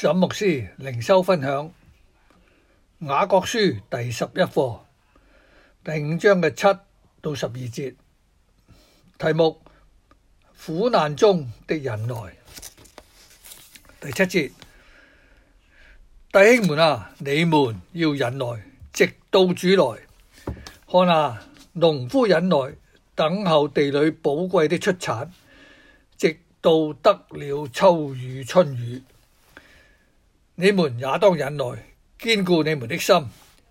沈牧師靈修分享《雅各書》第十一課第五章嘅七到十二節，題目：苦難中的忍耐。第七節：弟兄們啊，你們要忍耐，直到主來。看啊，農夫忍耐等候地裏寶貴的出產，直到得了秋雨春雨。你們也當忍耐，堅固你們的心，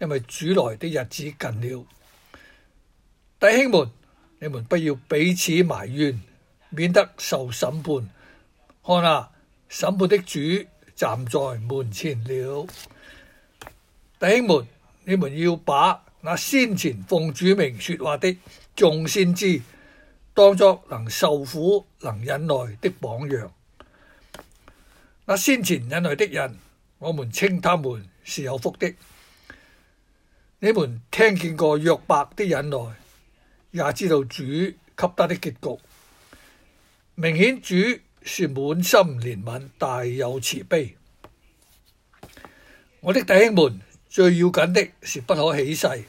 因為主來的日子近了。弟兄們，你們不要彼此埋怨，免得受審判。看啊，審判的主站在門前了。弟兄們，你們要把那先前奉主名說話的眾先知，當作能受苦、能忍耐的榜樣。那先前忍耐的人。我們稱他們是有福的。你們聽見過約伯的忍耐，也知道主給他的結局。明顯主是滿心憐憫，大有慈悲。我的弟兄們，最要緊的是不可起誓。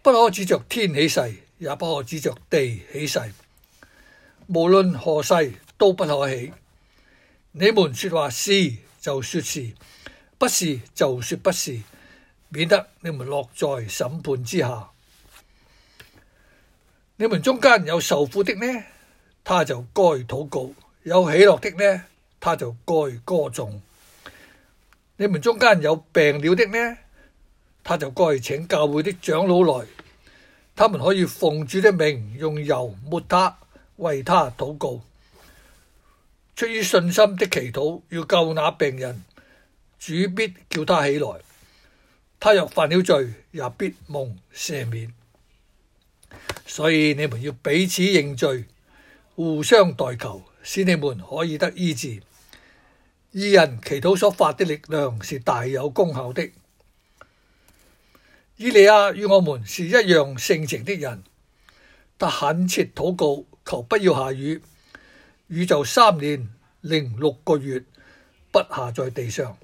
不可指着天起誓，也不可指着地起誓。無論何誓，都不可起。你們說話是。就說是，不是就說不是，免得你們落在審判之下。你們中間有受苦的呢，他就該禱告；有喜樂的呢，他就該歌頌。你們中間有病了的呢，他就該請教會的長老來，他們可以奉主的名用油抹他，為他禱告。出於信心的祈禱，要救那病人，主必叫他起來。他若犯了罪，也必蒙赦免。所以你們要彼此認罪，互相代求，使你們可以得醫治。義人祈禱所發的力量是大有功效的。以利亞與我們是一樣性情的人，他懇切禱告，求不要下雨。宇宙三年零六個月不下在地上。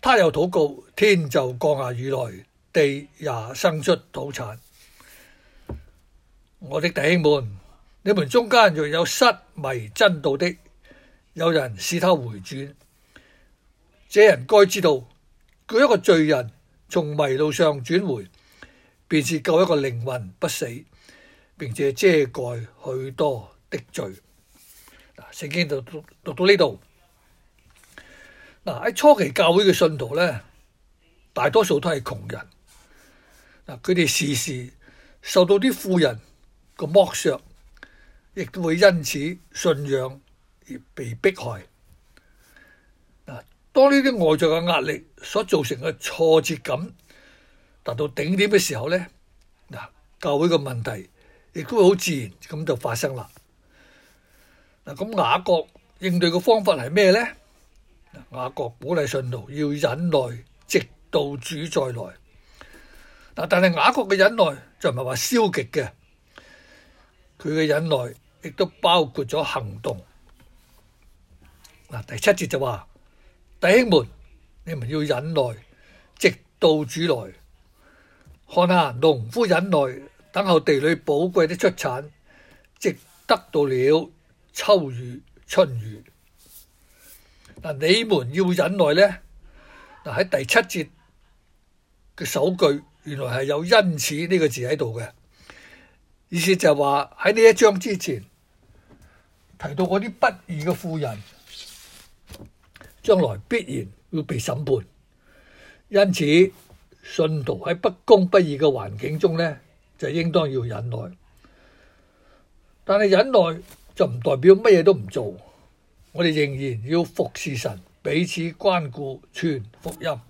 他又禱告，天就降下雨來，地也生出土產。我的弟兄們，你們中間若有失迷真道的，有人使他回轉，這人該知道，叫一個罪人從迷路上轉回，便是救一個靈魂不死，並且遮蓋許多的罪。聖經就讀到讀到呢度，嗱，喺初期教會嘅信徒咧，大多數都係窮人，嗱，佢哋時時受到啲富人嘅剝削，亦都會因此信仰而被迫害。嗱，當呢啲外在嘅壓力所造成嘅挫折感達到頂點嘅時候咧，嗱，教會嘅問題亦都會好自然咁就發生啦。嗱，咁雅各應對嘅方法係咩呢？雅各鼓勵信徒要忍耐，直到主再來。嗱，但係雅各嘅忍耐就唔係話消極嘅，佢嘅忍耐亦都包括咗行動。嗱，第七節就話：弟兄們，你們要忍耐，直到主來。看下，農夫忍耐等候地裏寶貴的出產，直到得了秋雨春雨。嗱，你們要忍耐呢。嗱。喺第七節嘅首句，原來係有因此呢個字喺度嘅意思，就係話喺呢一章之前提到嗰啲不義嘅富人，將來必然要被審判。因此，信徒喺不公不義嘅環境中呢，就應當要忍耐。但係忍耐。就唔代表乜嘢都唔做，我哋仍然要服侍神，彼此關顧，傳福音。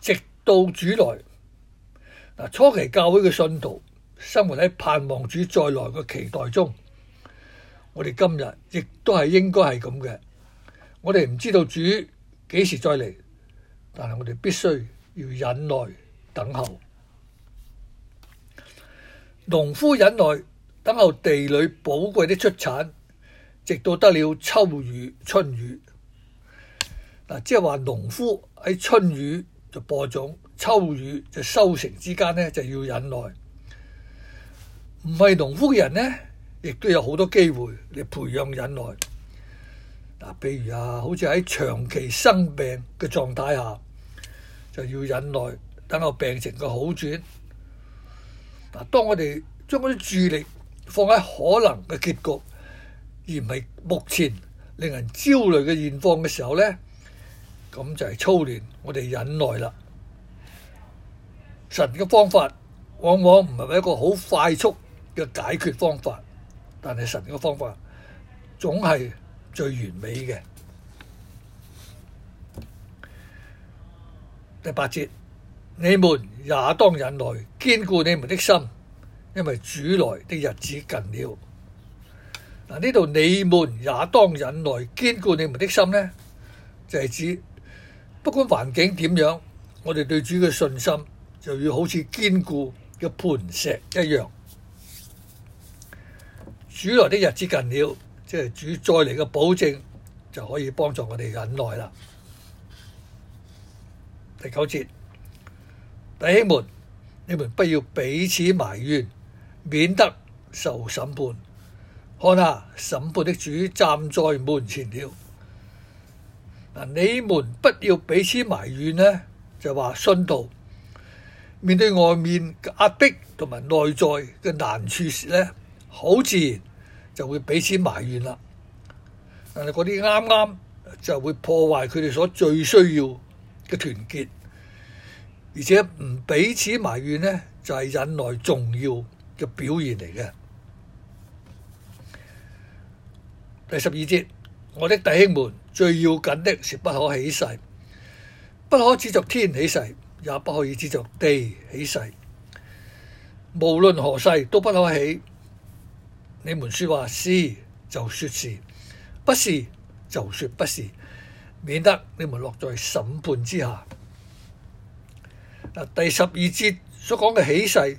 直到主來，初期教會嘅信徒生活喺盼望主再來嘅期待中，我哋今日亦都係應該係咁嘅。我哋唔知道主幾時再嚟，但係我哋必須要忍耐等候。農夫忍耐。等候地裏寶貴的出產，直到得了秋雨春雨嗱，即係話農夫喺春雨就播種，秋雨就收成之間呢就要忍耐。唔係農夫嘅人呢，亦都有好多機會嚟培養忍耐嗱，譬如啊，好似喺長期生病嘅狀態下，就要忍耐，等候病情嘅好轉嗱。當我哋將嗰啲注意力放喺可能嘅結局，而唔係目前令人焦慮嘅現況嘅時候呢，咁就係操練我哋忍耐啦。神嘅方法往往唔係一個好快速嘅解決方法，但係神嘅方法總係最完美嘅。第八節，你們也當忍耐，堅固你們的心。因為主來的日子近了，嗱，呢度你們也當忍耐，堅固你們的心呢就係、是、指不管環境點樣，我哋對主嘅信心就要好似堅固嘅磐石一樣。主來的日子近了，即係主再嚟嘅保證，就可以幫助我哋忍耐啦。第九節，弟兄們，你們不要彼此埋怨。免得受審判。看下審判的主站在門前了。你們不要彼此埋怨呢就話信道。面對外面嘅壓迫同埋內在嘅難處時呢，好自然就會彼此埋怨啦。嗱，嗰啲啱啱就會破壞佢哋所最需要嘅團結，而且唔彼此埋怨呢就係引來重要。嘅表現嚟嘅。第十二節，我的弟兄們，最要緊的是不可起誓，不可指著天起誓，也不可以指著地起誓。無論何誓都不可起。你們説話是就説是，不是就說不是，免得你們落在審判之下。第十二節所講嘅起誓。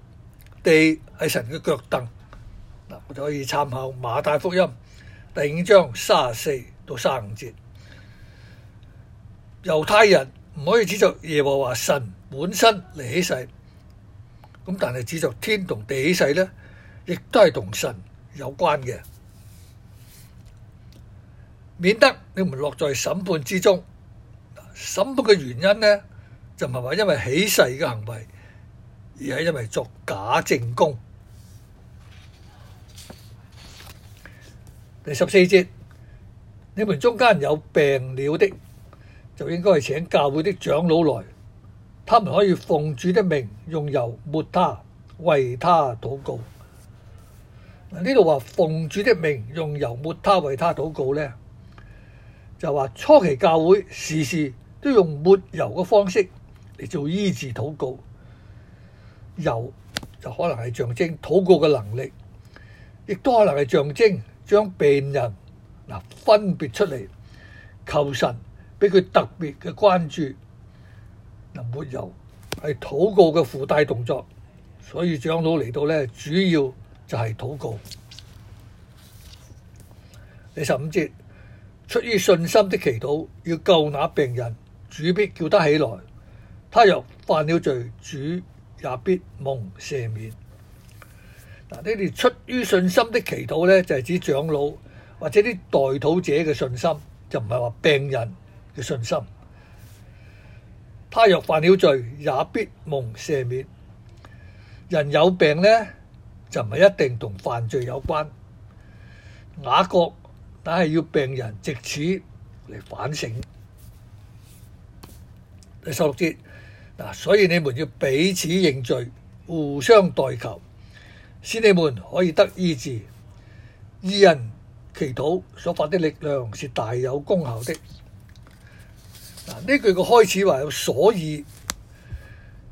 地係神嘅腳凳，嗱，我就可以參考馬太福音第五章三十四到三五節。猶太人唔可以指著耶和華神本身嚟起誓，咁但係指著天同地起誓呢，亦都係同神有關嘅，免得你唔落在審判之中。審判嘅原因呢，就唔係話因為起誓嘅行為。而係因為作假證供。第十四節，你們中間有病了的，就應該係請教會的長老來，他們可以奉主的命用油抹他，為他禱告。嗱，呢度話奉主的命用油抹他為他禱告咧，就話初期教會時時都用抹油嘅方式嚟做醫治禱告。油，就可能係象徵禱告嘅能力，亦都可能係象徵將病人分別出嚟，求神畀佢特別嘅關注。嗱，沒有係禱告嘅附帶動作，所以長老嚟到呢，主要就係禱告。第十五節，出於信心的祈禱，要救那病人，主必叫他起來。他若犯了罪，主也必蒙赦免。嗱，呢啲出於信心的祈禱呢，就係指長老或者啲代禱者嘅信心，就唔係話病人嘅信心。他若犯了罪，也必蒙赦免。人有病呢，就唔係一定同犯罪有關。雅各，但係要病人藉此嚟反省。第十六節。所以你們要彼此認罪，互相代求，使你們可以得醫治。義人祈禱所發的力量是大有功效的。嗱、啊，呢句嘅開始話有所以，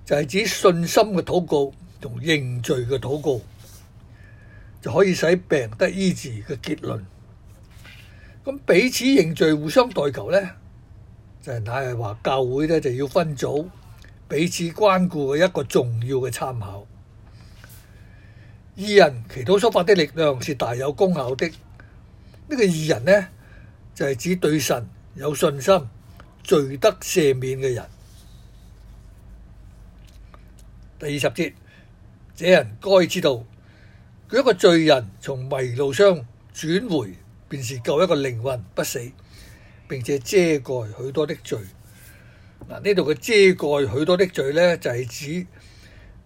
就係指信心嘅禱告同認罪嘅禱告就可以使病得醫治嘅結論。咁彼此認罪、互相代求呢，就係乃係話教會呢就要分組。彼此關顧嘅一個重要嘅參考。義人祈禱所發的力量是大有功效的。呢個義人呢，就係指對神有信心、罪得赦免嘅人。第二十節，這人該知道，佢一個罪人從迷路上轉回，便是救一個靈魂不死，並且遮蓋許多的罪。嗱，呢度嘅遮蓋許多的罪呢，就係指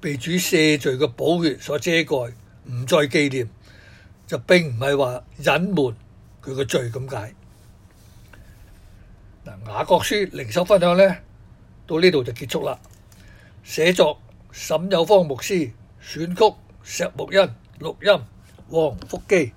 被主赦罪嘅寶血所遮蓋，唔再記念，就並唔係話隱瞞佢個罪咁解。嗱，雅各書靈修分享呢，到呢度就結束啦。寫作沈有方牧師，選曲石木恩，錄音黃福基。